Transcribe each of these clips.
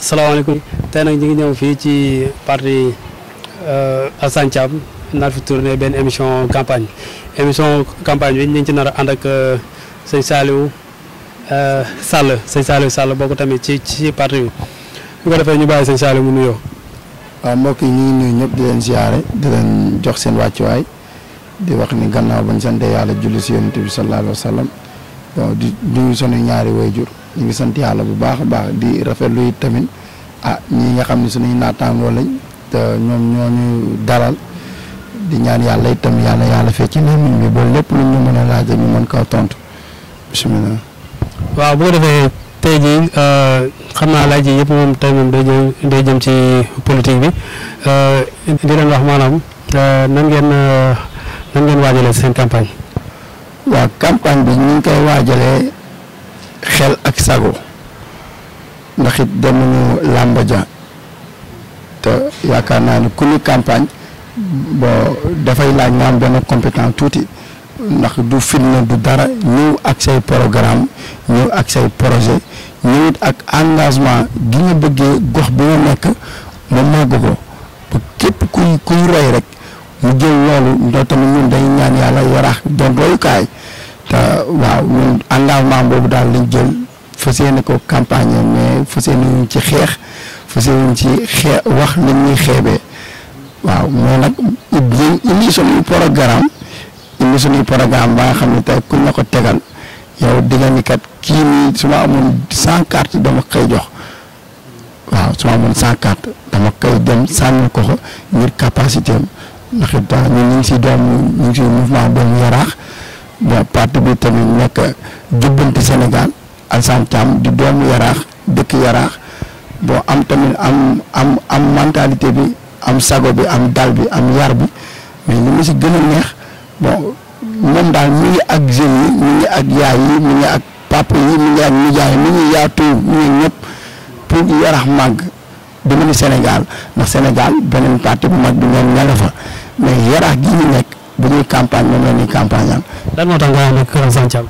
asalaamaaleykum tey nag ñu ngi ñëw fii ci parti euh, Assane Thiam naar fi tourné benn émission campagne émission campagne bi ñu ngi ci nar a ànd euh, euh, Sall sëñ Saliou Sall tamit ci ci parti bi bu defee ñu bàyyi sëñ Saliou mu nuyoo. waaw mbokk yi ñu ngi nuyu ñëpp di leen ziare di leen jox seen wàccuwaay di wax ni gannaaw bañ sante yàlla julli si yonent bi sallallahu alayhi wa di nuyu sunu ñaari wayjur ñu ngi sant yàlla bu baax a baax di rafet it tamit ah ñii nga xam ne suñuy naataangoo lañ te ñoom ñoo ñu dalal di ñaan yàlla it tamit yàlla yàlla fee ci lëmmiñ bi boo lépp lu ñu mën a laaj ñu mën koo tontu bisimilah. waaw boo defee tey jii euh, xam naa laaj yi yëpp moom tey moom day jëm day jëm ci politique bi euh, di leen wax maanaam euh, nan ngeen nan ngeen waajalee seen campagne. waaw campagne bi ñu ngi koy xel ak sago ndaxit dem nañu làmba ja te yaakaar naa ni ku ñu campagne bon dafay laaj nga benn compétence tuuti ndax du fitna du dara ñëw ak say programme ñëw ak say projet it ak engagement gi nga bëggee gox bi nga nekk mu màgg ko ba képp kuy kuy roy rek mu jël loolu ndoo tamit ñun day ñaan yàlla yaraax doon royukaay ta waaw ñun engagement bobu dal lañ jël fassiyene ko campagne mais fassiyene ñu ci xex fassiyene ñu ci xex wax ni ñi xébé waaw mo nak ñu indi suñuy programme indi suñuy programme ba xamni tay ku ñako tégal yow di nga ni kat ki ni suma ma 100 cent carte dama koy jox waaw suma ma 100 cent carte dama koy dem sànni ko ngir capacité ndax it ñu ngi si doom ñu ci si mouvement doomu yarax bon parti bi tamit nekk jubbanti Sénégal Alassane Thiam di doomu yaraax dëkk yaraax boo am tamit am am am mentalité bi am sago bi am dal bi am yar bi mais li ma si gën a neex bon moom daal mi ngi ak jeunes yi mi ngi ak yaay yi mi ngi ak papa yi mi ngi ak nijaay mi ngi yaatu mi ngi ñëpp pour yarax màgg dama ni Sénégal ndax Sénégal beneen parti bu mag bi ñoom ña nga mais yarax gi ñu nekk. bu campagne mo la campagne am. lan moo tax nga nek nag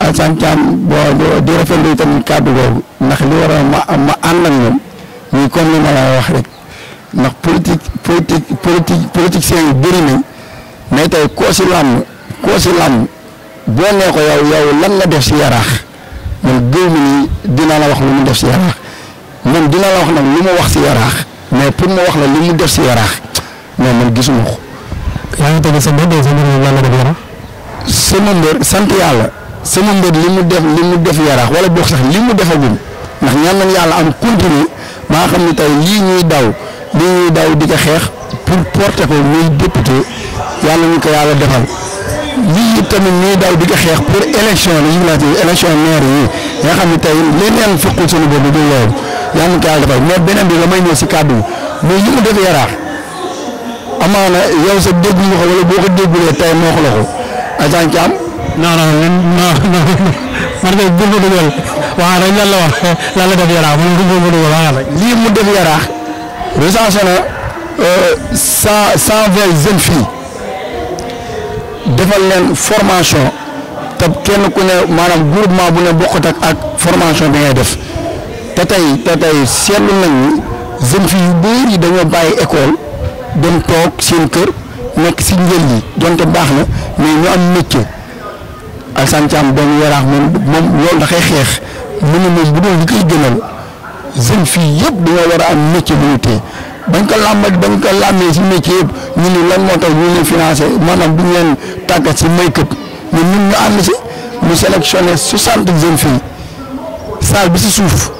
Alassane al Alassane bo boo di li tam kàddu googu nak li wara ma ma and ak ya. ñom ñi comme ni ma la wax rek nak politique politique politique politique yu bëri nañ may tay ko ci lam ko ci lam bo nee ko yow yow lan la def ci yarax man gëm ni dina la wax lu mu def ci yarax man dina la wax nak lu mu wax ci yarax mais pour mu wax la lu mu def ci yarax mais man gisuma ko. yaa ngi tëdd sa mbër de sa mbër moom lan la def sant yàlla sama mbër li mu def li mu def yarax wala boog sax li mu defagum ndax ñaan nañ yàlla am continue ba nga xam ne tey lii daw lii ñuy di ko xeex pour porter ko muy député ko yàlla defal lii tamit ñuy daw di ko xeex pour élection législative élection maire yi nga xam ne tey leneen fekkul suñu boobu du loolu yàlla ñu ko yàlla defal mais beneen bi la may ñëw si kàddu bi mais li mu def yaraax amaana yow sa dégg nga ko wala boo ko déggulee tey moo ko la ko agent ci am. non non non non man de bu ma dugal waaw rek lan la wax lan la def yaraax man bu ma dugal waaw rek. lii mu def yaraax recensé na euh, cent cent vingt jeunes filles defal leen formation te kenn ku ne maanaam groupement bu ne bokkut ak ak formation bi ngay def te tey te tey seetlu nañu jeunes filles yu bëri dañoo bàyyi école. dem toog seen kër nekk si njël yi donte baax na mais ñu am métier Alassane Thiam doomu yaraax moom loolu dafay xeex mu ne moom bu doon li koy gënal jeune fii yëpp dañoo war a ko làmbat bañ ko làmmee si métier yëpp ñu ne lan moo tax maanaam du ñu leen tàggat si make-up mais ñun ñu ànd si mu sélectionné soixante jeunes filles salle bi si suuf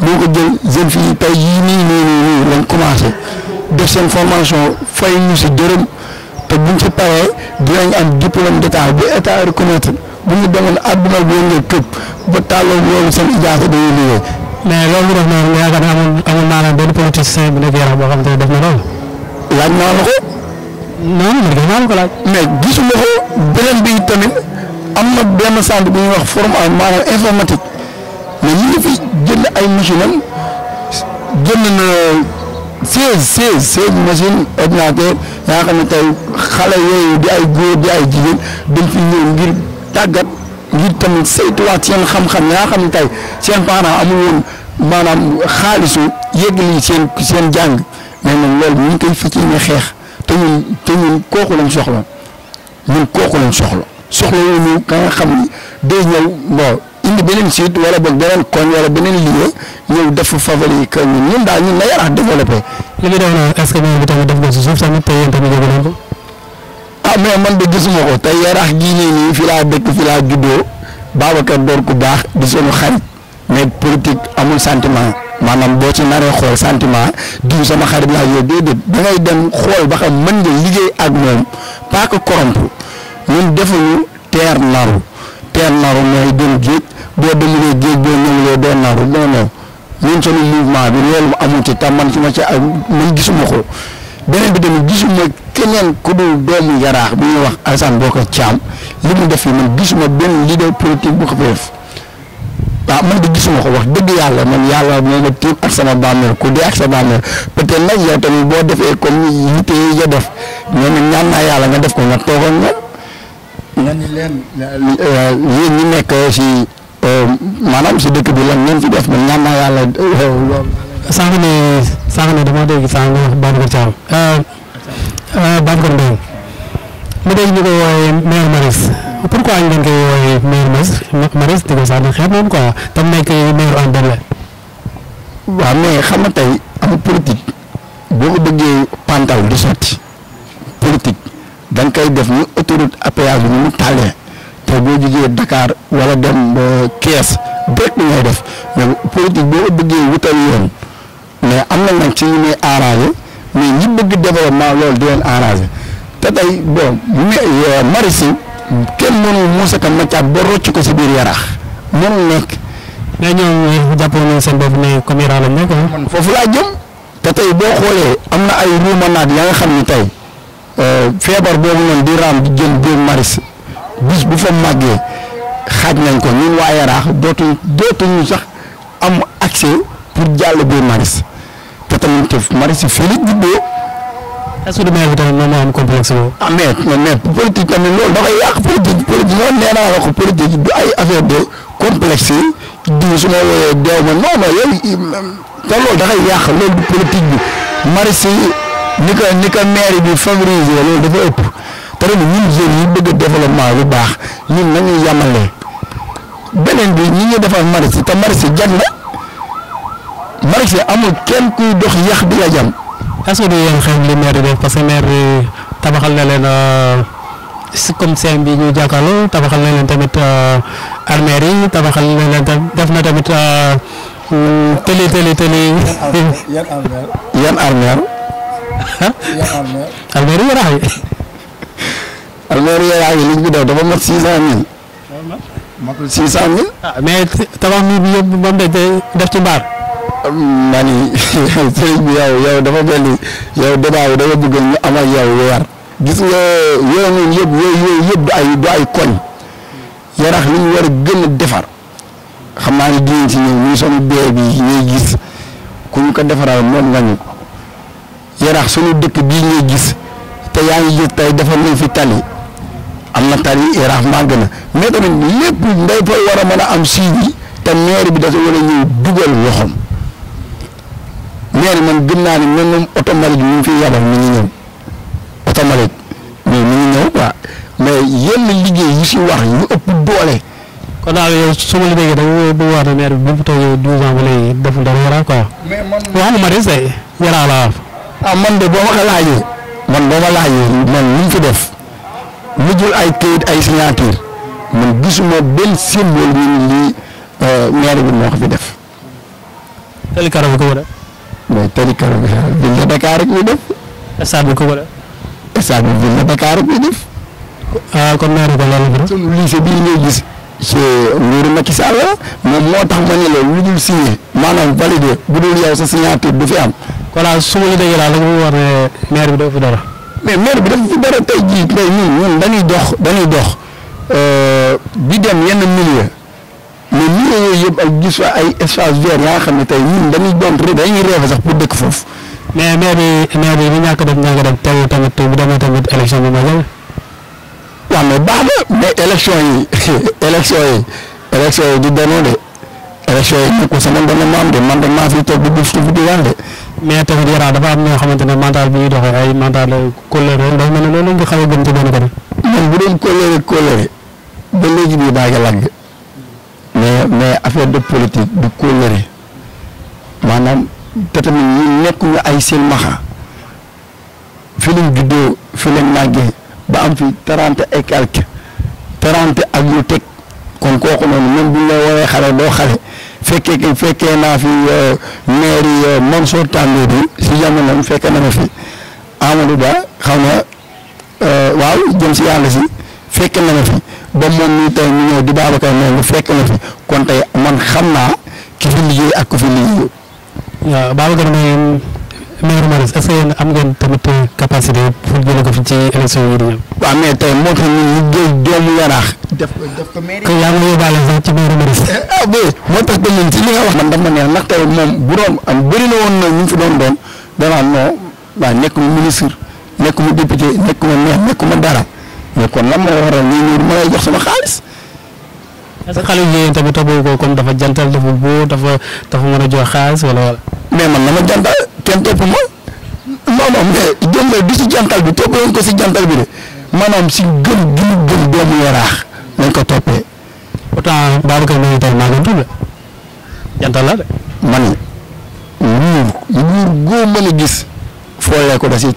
moo ko jël fi filles tey yii nii nii nii lañ commencé. def seen formation fay ñu si dërëm te buñ ci paree dinañ am diplôme bu état reconnaître bu ñu demoon àdduna bi nga këpp ba tàlloo loolu seen ijaasa dañuy liggéey. mais loolu def noonu yaakaar naa amul amul maanaam benn politicien def na loolu. laaj naa la ko. non man ko laaj. mais gisuma ko beneen bi tamit am na benn centre bu ñuy wax forum en maanaam informatique mais ñu ngi fi jënd ay machine am jënd na. seize seize seize machine ordinateur yaa xam ne tey xale yooyu di ay góor di ay jigéen dañ fi ngir tàggat ngir tamit saytuwaat seen xam-xam yaa xam ne tey seen parents amul woon maanaam xaalisu yëggali seen seen jàng mais nag loolu ñu ngi koy fas yéene xeex te ñun te ñun kooku lañ soxla ñun kooku lañ soxla soxla wu ñu ka xam ni day indi beneen site wala boog beneen koñ wala beneen lieu ñëw def favori que ñun ñun daal ñun na Yaraax développé. li nga defoon est ce que bi tamit def nga si suuf tamit te yéen tamit ah, mais man de gisuma ko te Yaraax gii nii nii fii laa dëkk fi laa juddoo Babacar door ku baax di sunu xarit mais politique amul sentiment maanaam boo ci naree xool sentiment diw sama xarit laa yow déedéet da ngay dem xool ba xam mën nga liggéey ak moom pas que corrompre ñun defuñu teer naru. teel naru mooy dem géej boo demulee géej boo ñëwulee doo naru non non ñun sunu mouvement bi loolu amu ci tam man ci ma ci ak man gisuma ko beneen bi tamit gisuma keneen ku dul doomu yaraax bi ñuy wax Alassane Bokar Thiam li mu def fii man gisuma benn leader politique bu ko fi def waaw man de gisuma ko wax dëgg yàlla man yàlla moo ma tiim ak sama bàmmeel ku dee ak sa bàmmeel peut-être nag yow tamit boo defee comme yitte ya def mais nag ñaan naa yàlla nga def ko nga toogoon nga. nga ni leen euh, yéen nekk si euh, maanaam si dëkk bi lan ngeen fi def ba ñaan naa yàlla euh, lool. sànq ne sànq ne dama dégg sànq nga wax Babacar Thiam Babacar Mbengue ma dégg ñu maire Maris pourquoi ñu leen koy maire Maris di ko sax di xeet moom quoi tam nekk maire en benn. waaw mais xam am politique boo ko bëggee pantal du sotti politique da nga def ñu autoroute à péage bi ni mu te bo Dakar wala dem ba Kees ni ngay def mais politique boo ko bëggee wutal yoon mais am na nag ci ñu muy arrangé mais ñi bëgg développement loolu di leen arrangé te tey bon mais euh, Maristes kenn mënul Moussa Ka Matia ba rocc ko si biir yaraax mënul nekk. mais ñoom euh, jàppoon nañ seen bopp ne comme Iran lañ nekk. Ah. foofu jëm te am na ya nga Euh, feebar boobu noonu di raam di jël Guy maris bis bu fa màggee xaaj nañ ko ñun waa Yaraax dootuñ dootuñu sax am accès pour jàll Guy Marius te tamit Marius fii la ah, loolu da yàq politique politique loolu nee naa la ko politique du ay affaire de complexe yi di su ma deew ma non non yow loolu da yàq loolu du politique bi Marius. ni ko ni ko maire bi favoriser loolu dafa ëpp te ren ñun jeunes yi bëgg développement bu baax ñun nañuy yamalee beneen bi ñi ñuy defar maraîchage te maraîchage jag amul kenn kuy dox yax bi la jam. est-ce que du yéen xeex parce que maire tabaxal na leen euh, si comme seen bi ñu jàkkaarloo tabaxal na leen tamit euh, armère yi tabaxal na leen tamit def na tamit télé télé télé. yan armère almeeri yaraax yi almeeri yaraax yi liñ bi daw dafa mat six cent mille ah, mais tabax mi bi yëpp moom dañ koy def ci mbaar ma ni sëriñ bi yow yow dafa mel ni yow dafa bëgg ñu am ak yow gis nga yooyu yëpp du ay du ay koñ yarax li war a gën a defar xam naa ne dinañ ci ñëw ñu sonu bee bi ñuy gis ku ñu ko defaral moom nga ñu yaraax sunu dëkk bii ñuy gis te yaa ngi gis tey defar nañ fi tali am na tali yaraax màgg na mais tamit lépp nday fa war a mën a am signe te maire bi dafa war a ñëw dugal loxoom maire man gëm naa ne même moom automatique mi fi yabal mi ngi ñëw automatique mais mi ngi ñëw liggéey yi si wax yu ëpp doole. kon daal yow su ma la déggee da nga bi bu mu toogee ba léegi deful dara yaraax quoi. mais man wax nga ah man de boo ma ko man boo ma laajee man lu mu fi def mujjul ay kayit ay signature man gisuma benn symbole ñu ne lii euh, maire bi moo ko fi def. tali karo ko ko def. mais tali bi ville de Dakar rek def. stade ah, bi ko ko def. stade bi ville de Dakar kon maire bi lan la. sunu lycée bii ñuy gis. ci nguuru Macky Sall moom moo tax ma ne la lu dul signé maanaam validé bu dul yow sa signature du fi am. voilà su ma la déggee daal da nga war maire bi dafa fi dara. mais maire bi dafa fi dara tey jii tey ñun ñun dañuy dox dañuy dox bi euh, dem yenn milieu mais milieu yooyu yëpp ak gis fa ay espace vert yaa xam ne tey ñun dañuy doon dañuy rêve sax pour dëkk foofu. mais maire bi maire bi ñàkk a dem ñàkk a dem tamit bu demee tamit élection bi ma jël. waaw mais baax na mais élection yi élection yi élection yi de élection yi nekkul sama ndono maam de man de maa fi toog di buuf suuf di wàll de. mais tamit Yara dafa am ñoo xamante ne mental bi ñuy dox ay mental colère yooyu dafa mel loolu lañ xaw a gëm ci benn côté. man bu doon colère colère ba léegi bii baa lagg mais mais affaire de politique du colère maanaam te tamit ñi nekkuñu ay seen maxa fi lañ juddoo ba am fi trente et quelque trente ak lu teg kon kooku noonu même bu ñu la xale doo xale. fekkee fekkee naa fi euh, mairie euh, Mansour Tandoor bi si jamonoom fekkee na ma fi Amadou Ba xam na euh, waaw jëm si yàlla si fekkee na ma fi ba moom mii tey ñu ñëw di Babacar Mbengue fekk na fi kon tey man xam naa ki fi liggéey ak ku fi liggéey. waaw Babacar Mbengue maire Maristes est-ce am ngeen tamit euh, capacité pour jëlee ko fi ci élection moo tax ñun ñu jël doomu ci maire Maristes. Eh, ah oui moo tax ba ñun na woon na ñu fi doon doon danaa non waaw nekkul ministre nekkul député nekkul maire dara kon lan moo waral lii nii ma ko comme dafa jantal dafa boo dafa dafa mën a jox xaalis wala wala. mais man na ma jantal. kenn top ma non non mais la du si jantal bi topp ko si jantal bi de si gën gën gën doomu yaraax lañ ko toppee. pourtant Babacar Mbaye tey maa gën tudd jantal la man nguur nguur goo mën a gis foolee ko da siy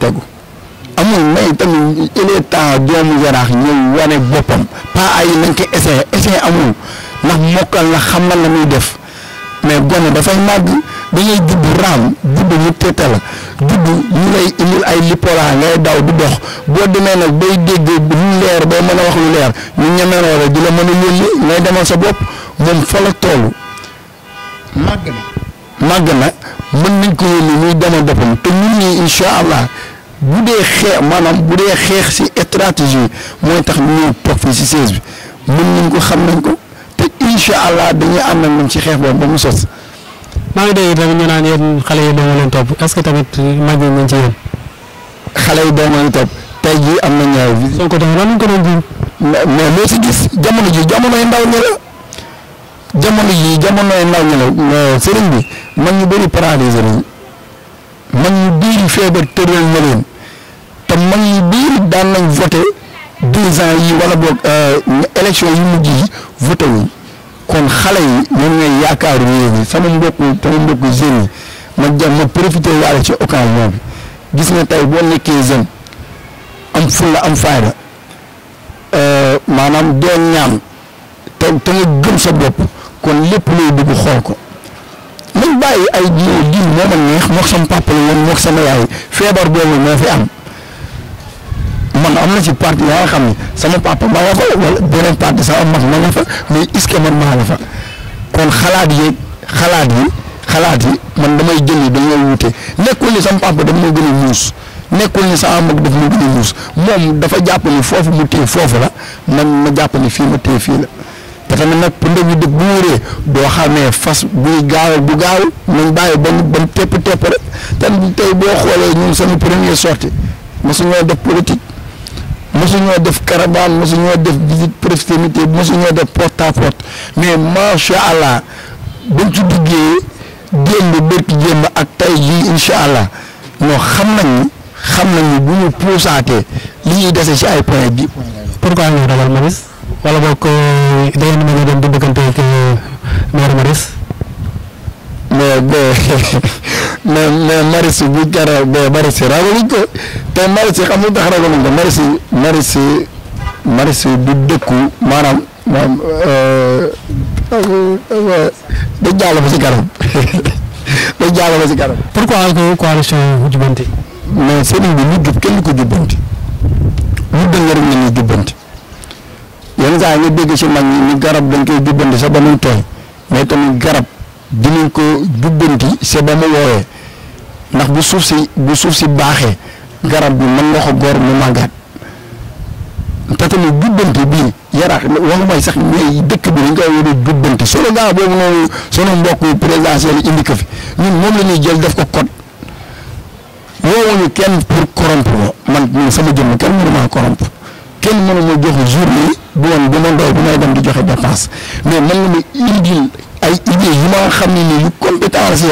amul may tamit il est temps doomu yaraax ñëw wane boppam pas ay nañ ko essayé essayé amul ndax xamal la muy def mais gone dangay judd raam judd ñu tete la judd ñu lay indil ay lipola ngay daw di dox boo demee nag bay dégg lu leer boo mën a wax lu leer ñu ñemeloo la di la mën a yónni ngay demal sa bopp moom fa la toll màgg na màgg na mën nañ ko yónni muy demal boppam te ñun ñii incha allah bu dee xeex maanaam bu dee xeex si stratégie mooy tax ñu toog fii si siège bi mën nañ ko xam nañ ko te incha allah dañuy ànd ak moom si xeex boobu ba mu sos maa ngi dégg tamit ñu xale yi doomu leen topp est-ce que tamit mag ñi ñu ci yéen. xale yi doomu topp tey jii am na ñaar. Sonko tamit lan lañ ko doon jiw. mais mais si gis jamono ji jamono yi ndaw ñi la jamono ji yi ndaw ñi mais sëriñ bi man ñu bëri paralysé lañ man ñu biir feebar tëral na leen te man ñu biir daan nañ voté deux ans yi wala boog euh, élection yu mujj yi voté wuñ. kon xale yi ñoom ñooy yaakaaru réew mi sama mbokku sama mbokku jeunes yi ma jàmm ma profité waale ci occasion bi gis nga tey boo nekkee jeune am fulla am fayda euh, maanaam doo ñaan te te nga gëm sa bopp kon lépp luy dugg xool ko nañ bàyyi ay jiw diw moo ma neex moog sama papa la woon sama yaay feebar boobu moo fi am. man am na si parti yaa nga xam ne sama papa ma nga fa wala beneen parti sama mag ma nga fa mais que man maa nga fa kon xalaat yi xalaat yi xalaat yi man damay jëli dañoo wute nekkul ni sama papa daf ma gën a muus nekkul ni sama mag daf ma gën a muus moom dafa jàpp ni foofu mu téye foofu la man ma jàpp ni fii ma téye fii la te tamit nag pour ndëg yi dëkk bu wéree doo xamee fas buy gaawal bu gaawal nañ bàyyi ba mu tepp tepp rek te tey boo xoolee ñun sama première sortie ma su ñoo def politique. mosuñoo def caravane mosuñoo def visite proximité mosuñoo def porte à porte mais macha allah bañ ci duggee démb bërki démb ak tay jii incha allah non xam nañu xam nañu bu ñu puusaatee li ñuy dese ci ay point bi. pourquoi ñu ragal Maris wala boog euh, da ngeen mën a dem di bëggante ak euh, maire Maris. mais mais mais maraichers bu jara mais maraichers ragaluñ ko te maraichers xam nga tax ragaluñ ko maraichers maraichers maraichers du dëkku maanaam maanaam da jàll ba si kanam da jàll ba si kanam. pourquoi que coalition bu jubbanti. mais sëriñ bi lu jub kenn du ko jubbanti lu dëng rek la ñuy jubbanti yenn saa nga dégg si mag ñi ni garab dañ koy jubbanti sax ba muy tooy mais tamit garab dinañ ko jubbanti c'est ba mu woowee. ndax bu suuf si bu suuf si baaxee garab bi man nga ko góor mu màggaat te tamit jubbante bii yaraax waxumay sax ñooy dëkk bi dañ koy wone jubbante solo gaa boobu noonu sunu mbokk présidentiel indi ko fi ñun moom la jël def ko code woowuñu kenn pour corrompre ma man sama jëmm kenn mënu maa kenn mënu ma joxe journée bu woon bu may dem di joxe dépense mais mën na ma indil ay idées yu ma xam ne nii yu compétence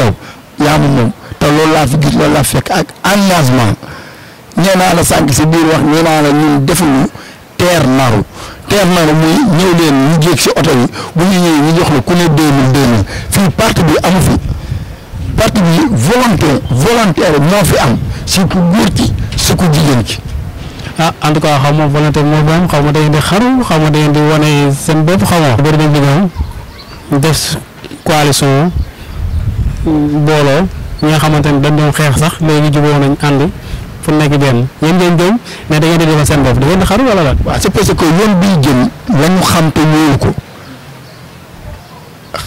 yaa ma moom. te loolu laa fi gis loolu laa fekk ak engagement ñee naa la sànq si biir wax ñee naa la ñun defuñu teer naru teer naru muy ñëw leen ñu jéeg si oto yi bu ñu ñëwee ñu jox la ku ne deux mille fii parti bi amu fi parti bi volontaire volontaire moo fi am si ku góor ci si ku jigéen ci ah en tout cas xaw ma volontaire moo fi am xaw ma da ngeen di xaru xaw ma da ngeen di wane seen bopp xaw ma bëri nañ di def coalition booloo ñi nga xamante ne dañ doon xeex sax léegi jubóo nañ ànd fu nekk benn yéen ngeen jëm mais da ngeen di defal seen bopp da ngeen di xaru wala la. waaw c'est parce que yoon bii jëm la ñu xam te ñëwul ko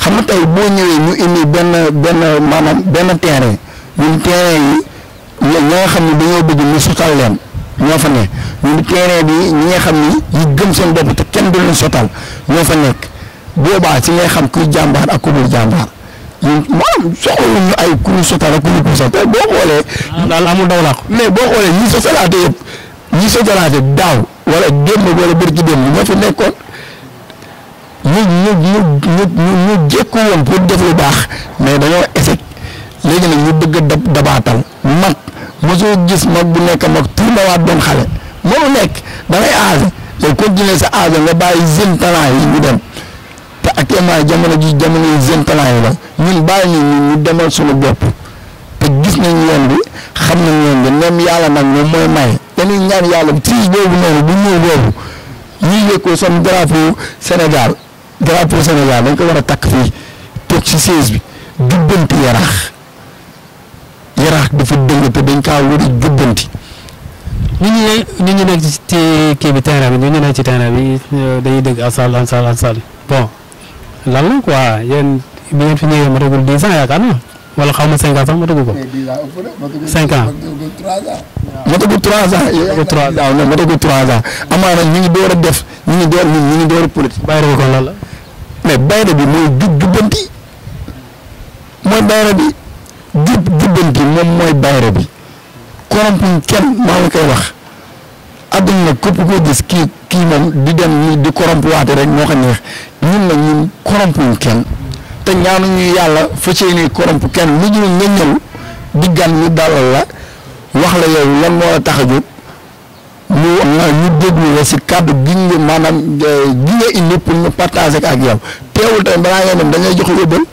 xam nga tey boo ñëwee ñu indi benn benn maanaam benn terrain ñun terrain yi ña nga xam ne dañoo bëgg ñu sotal leen ñoo fa nekk ñun terrain bi ñi nga xam ni ñu gëm seen bopp te kenn du leen sotal ñoo fa nekk boobaa ci ngay xam kuy jàmbaar ak ku dul jàmbaar. maanaam soxla nañu ay kuréel sotala kuréel pour sotala boo xoolee. daal amul daw laa ko. mais boo xoolee ñi sotalaate yëpp ñi sotalaate daaw wala démb wala bëri ci démb ñoo fi nekkoon ñu ñu ñu ñu ñu ñu jékku woon pour def lu baax mais dañoo échec léegi nag ñu bëgg a dab dabaatal mag mosoo gis mag bu nekk mag tuur na waat doon xale mënu nekk da ngay nga continuer sa aase nga bàyyi zine talent yi ñu dem. te actuellement jamono ji jamono yi jeune talent yi la ñun bàyyi ñu ñu demal suñu bopp te gis nañ yoon bi xam nañ yoon bi nem yàlla ñaan yàlla tige boobu noonu bu ñëw boobu ñuy dañ ko war a takk ci siège bi jubbanti yaraax yaraax dafa dëng te dañ kaa war a ñu ñu ne nekk ci kii bi terrain bi ñu ñu nekk ci terrain bi dañuy dégg asal ansal ansal bon lan la quoi yéen bi ngeen fi ñëwee matagul dix ans yaakaar naa wala xaw ma cinq ans sax matagul ko. cinq ans matagul trois ans. matagul trois ans waaw non matagul trois ans a def ñu ngi door ñu ngi door a politique. bayra bi kon lan la. bi mooy jub jubbanti mooy bayra bi jub maa ngi koy wax. adduna nag képp koo gis kii kii moom di dem nii di corrompe waate rek moo ko neex ñun nag ñun corrompu ñu kenn te ñaanuñu yàlla fa ci ni kenn lu ñu nga ñëw diggan ñu dalal la wax la yow lan moo la tax a jóg mu ñu déglu la si kàddu gi ñu maanaam euh, gi nga indi pour ñu partager ak yow teewul tamit balaa ngay dem dañuy jox yóbbal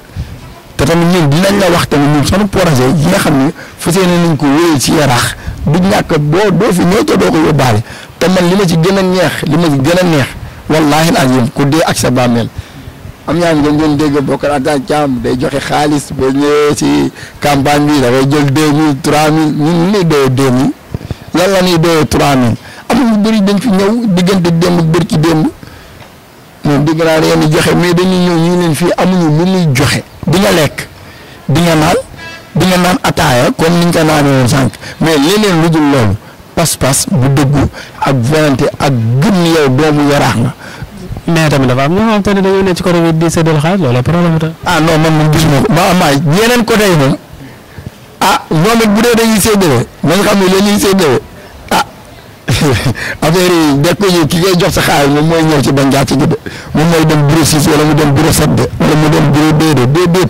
te tamit ñun dinañ la wax tamit ñun sunu projet yi nga xam ne fas yéene nuñ ko wéyee ci yaraax du ñàkk boo doo fi ñëw te doo ko yóbbaale te man li ma ci gën a neex li ma ci gën a neex wallaahi azim ku dee ak sa bàmmeel am ñaa ngi doon dégg bokkar anta caam day joxe xaalis boo ñëwee ci campagne bi dafay jël deux mille trois mille ñun lii doyoo deux mille lan la ñuy trois mille am bëri dañ fi ñëw diggante démb bër ci démb ñoom dégg naa dañuy joxe mais dañuy ñëw ñu ngi leen fii amuñu lu muy joxe di lekk di nga naan di naan ataaya comme ni ñu ko naanee woon sànq mais leneen lu dul loolu. pas-pas bu dëggu ak volonté ak gëm ni yow doomu yaraax nga. mais tamit dafa am ñoo xamante ne dañoo ne ci côté bi di séddale xaalis loolu problème tam. ah non man moom ñoom ah, ah, sa xaalis moom mooy ñëw ci bañ ci gudde moom mooy dem bureau six wala mu dem bureau sept wala mu dem de déedéet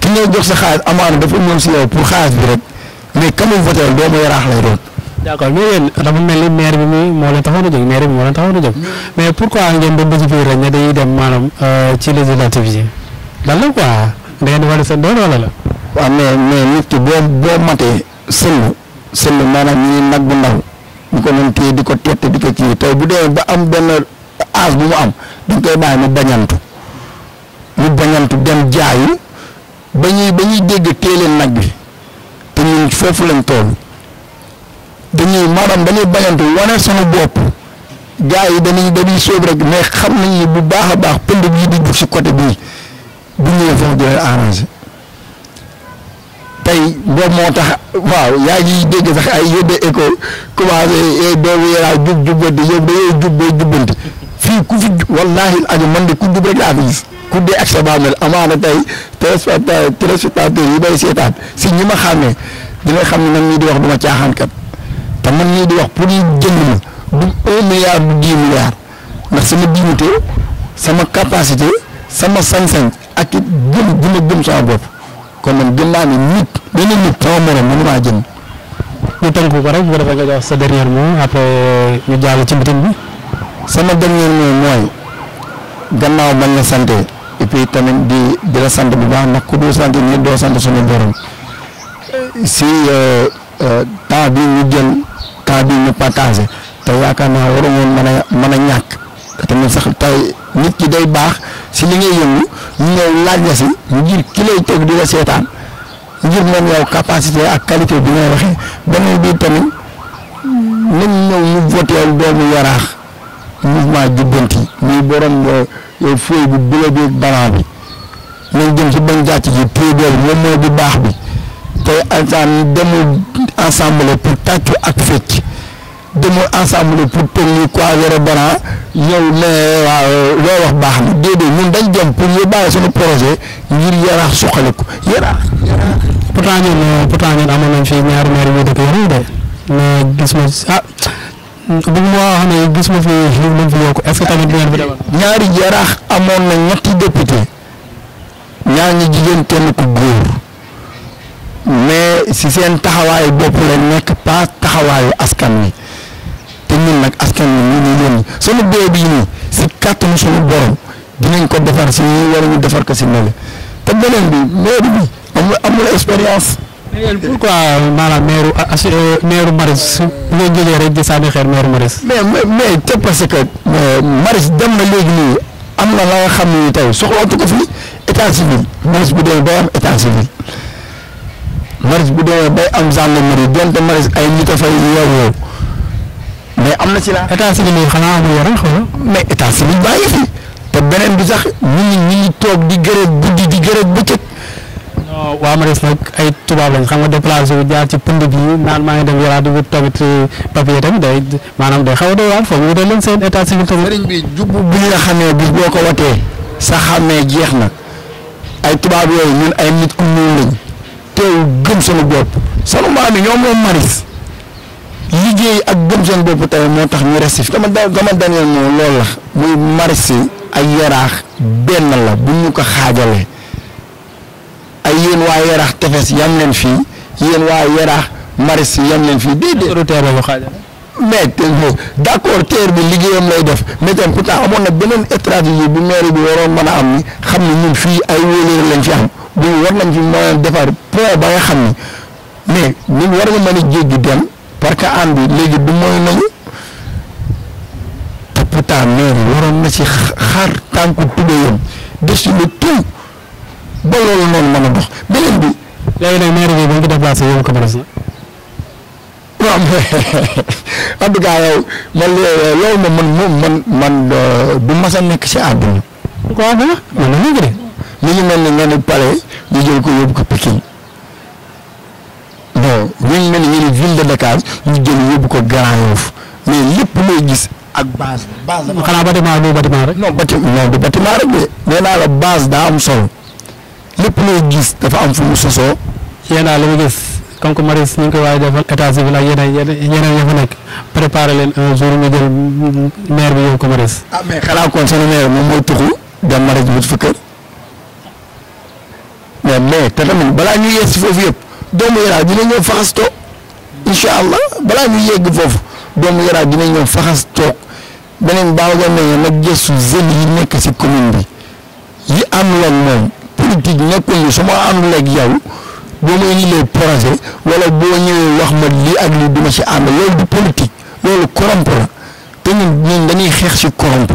ki ngay jox sa xaalis amaana dafa ñëw si yow pour xaalis bi rek mais kamu voté doomu yaraax lay doon. d' accord dafa mel ni maire bi mii moo leen taxawoon a jóg maire bi moo leen taxawoon a jóg mais dem maanaam euh, ci législative yi lan la quoi da ngeen di wane seen doon wala la. waaw mais mais nit maanaam nag bu ndaw bu ko di ko tette di ko kii tey bu dee ba am benn bu mu am dañ koy bàyyi mu bañantu mu bañantu dem jaayu ba ñuy ba ñuy dégg téeleen nag bi te ñun foofu lañ toll. dañuy maanaam dañuy bañantu wane sunu bopp gars yi dañuy dañuy sóob rek mais xam nañu bu baax a baax pënd yi di jug si côté bii bu ñëwee foofu di leen arrangé tey boobu moo tax waaw yaa ngi dégg sax ay yóbbee école commencé doomu eh, yaraa jub jubbanti yow dañoo jub boo jubbanti fii ku fi wallaahi aju man di ku jub rek laa fi gis ku dee ak sa bàmmeel amaana tey téléspectateur yi bay seetaan si ñi ma xàmmee dina xam ne nag ñii di wax duma caaxaan kat. te man ñi di wax pour ñu jënd ma du un milliard du dix ndax sama dignité sama capacité sama sañ-sañ ak it gëm gi ma gëm sama bopp kon man gëm naa ne nit benn nit sama morom mënu ñu ko rek bu nga jox sa dernier mot après ñu jàll ci bitim bi sama dernier mot mooy gannaaw bañ la santé et puis di di la sant bu baax ndax ku doo sant nit doo sant suñu borom si euh, euh, temps bi ñu jël temps bi ñu partagé te yaakaar naa waru woon mën a mën a ñàkk te tamit sax tey nit ki day baax si li ngay yëngu ñu ñëw laaj la si ngir ki lay di la seetaan ngir moom yow capacité ak qualité bi ngay waxee beneen bi tamit nañ ñëw ñu voteel doomu yaraax mouvement jubbanti muy borom fooy bu bële bi banaan bi nañ jëm si bañ jàcc ji prix bi moom moo bu baax bi. tey altaan demul ensemble pour tàccu ak fecc demul ensemble pour tenir quoi yore banaa ñëw ne waaw loo wax baax na déedéet ñun dañ jëm pour ñu bàyyi suñu projet ngir yaraax suqaliku yaraax yaraax pourtant ñun pourtant ñun amoon mais gis ma ah bu ma fi luñ ko yokk est ce que tamit ngeen ñaari yaraax amoon na ñetti député ñaar ñi jigéen kenn ku góor mais si seen taxawaayu bopp la nekk pas taxawaayu askan wi te ñun nag askan wi ñu ngi leen sunu bee bii nii si kàttanu sunu borom dinañ ko defar si ñii wala ñu defar ko si nële te beneen bi maire bi amul amul expérience. mais pourquoi maanaam maire euh, assu euh, maire rek di sànni xeer maire Maristes. mais mais parce que euh, Maristes dem na léegi nii am na la nga xam ne tey soxlaatu ko fi état civil Maristes bu dee day am état civil. maris bu demee bay am gendarmerie donte maris ay nit a fay yeewoo mais am na ci la. état civil yi xanaa amul yore xoolal. mais état te beneen bi sax ñu ngi ñu ngi toog di gërëm guddi di ay tubaab lañ xam nga déplacé wu jaar ci pënd bi naan maa ngi dem yoraat di wut tamit euh, papier tamit maanaam day xaw a doy waar foog ñu wutal leen seen état civil tamit. sëriñ bi jubbu bu ñu la xamee bis boo ko watee sa xamee jeex na ay tubaab yooyu ñun ay nit ku ñuul lañ. teew gëm sunu bopp sanu maam yi ñoom moom maris liggéey ak gëm seen bopp tey moo tax ñu resif dama da dama daneel moom loolu la muy maris yi ay yaraax benn la bu ñu ko xaajale ay yéen waa yaraax tefes yam leen fii yéen waa yaraax maris yi yam leen fii déedéet mais te d' accord terre bi liggéeyam lay def mais tam pourtant amoon na beneen stratégie bu mairie bi waroon mën a am ni xam ne ñun fii ay wóolóor lañ fi am Di war nañ ci ma defar point ba nga xamni ne mais ni war nga mëna a jéggi dem parce que ànd bi léegi du mooy nañu te pourtant maire waroon na ci xaar tànku tuddee def si lu tout ba lol non mëna dox benen bi. léegi nag maire bi ba nga déplacé yow ko bëri si. waaw en tout man loolu mo man man man euh, du mas a nekk si àdduna. waaw waaw man la ñu gën. mi mel ni nga palais ko yóbbu ko Pikine bon ñu mel ni ñu ne ville de Dakar ñu jël yóbbu ko Grand mais lépp looy gis ak base base la xanaa bâtiment du bâtiment rek. non bâtiment non du bâtiment rek de nee naa la base daa am solo lépp looy gis dafa am fu mu sosoo. ma gis ko Maris. ah mais mais te tamit balaa ñuy yegg si foofu yëpp doomu yaraax dina ñëw faxas toog incha allah balaa ñuy yegg foofu doomu yaraax dina ñëw faxas toog beneen baawaga ne nag gëstu jeunes yi nekk si commune bi yi àndul ak moom politique nekkul ni su ma àndul ak yow boo may ñëwee projet wala boo ñëwee wax ma lii ak lii duma si ànd loolu du politique loolu corrompe la te ñun ñun dañuy xeex si corrompe.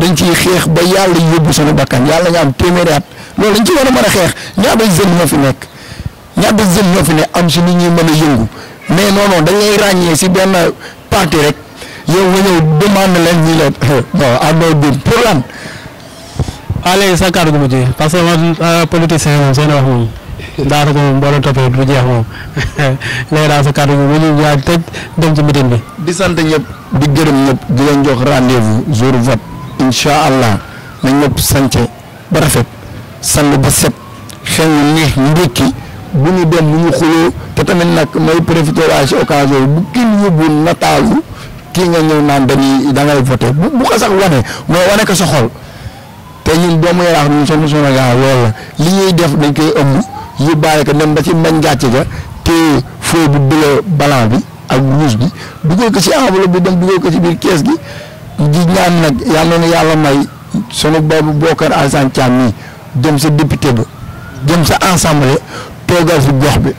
dañ ciy xeex ba yàlla yóbbu suñu bakkan yàlla ñu am téeméeri at loolu dañ ci war a mën a xeex ñaata jeunes ñoo fi fi nekk am si nit ñuy mën a yëngu mais non non dañ ràññee si benn parti rek yow nga ñëw demande leen ñu la bon àndoo bi pour lan. parce que man euh, politicien moom seen wax moom daanaka moom boo la jeex moom léegi daal sa kàddu gu mujj yaa tëj dem ci mitin bi. di sant ñëpp di gërëm ñëpp di leen jox rendez-vous jour vote. incha allah na ñëpp sance ba rafet sang ba set xel neex ndékki bu ñu dem bu ñu xuloo te tamit nag may profité waa si occasion bu kenn yóbbu nataalu kii nga ñëw naan dañuy da ngay voté bu bu ko sax wane mooy wane ko sa xol te ñun doomu yaraax li ñuy def dañ koy ëmb yóbbaale ko dem ba ci mbañ gàcce ga te feu bu bleu blanc bi ak rouge bi dugal ko ci enveloppe bi dem dugal ko ci biir kees gi. di ñaan nag yàlla na yàlla may sunu boobu Bocar Alassane Thiam mi jëm sa député ba jëm sa ensemble toogal fi gox bi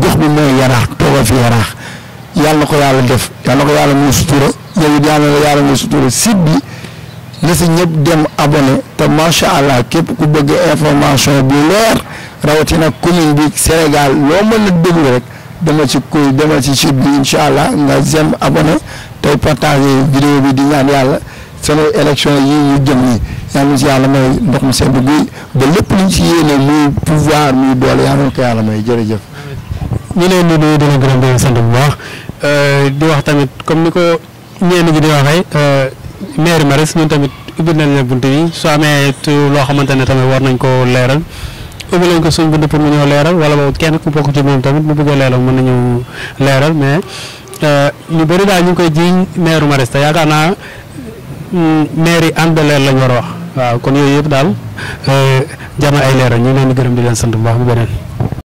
gox bi mooy yaraax toogal fi yaraax yàlla na ko yàlla def yàlla na ko yàlla muy sutura yow it yàlla na yàlla muy sutura site bi na si ñëpp dem abonné te macha allah képp ku bëgg information bi leer rawatina commune bi Sénégal loo mën a déglu rek dama ci kuy dama ci site bi incha allah nga jëm abonné. tey partagé vidéo bi di ñaan yàlla sunu élection yi ñu jëm nii yàlla si yàlla may ndox mu sedd guy ba lépp luñ si yéene muy pouvoir muy doole yàlla ko yàlla may jërëjëf. ñu leen di nuyu dina gërëm di sant bu baax euh, di wax tamit comme ni ko ñenn ji di waxee euh, maire Maristes ñun tamit ubbi nañ leen bunt yi soo amee loo xamante ne tamit war nañ koo lañ ko suñ bunt pour mu ñëw leeral wala boobu kenn ku bokk ci moom tamit mu bëgg a leeral mën ñu bëri daal ñu ngi koy jiiñ meeru maire Mariste yaakaar naa mm, maire yi ànd leer war a wax waaw kon yooyu yëpp daal eh, jàmm ay leeral ñu ngi leen di gërëm di leen sant bu mu bu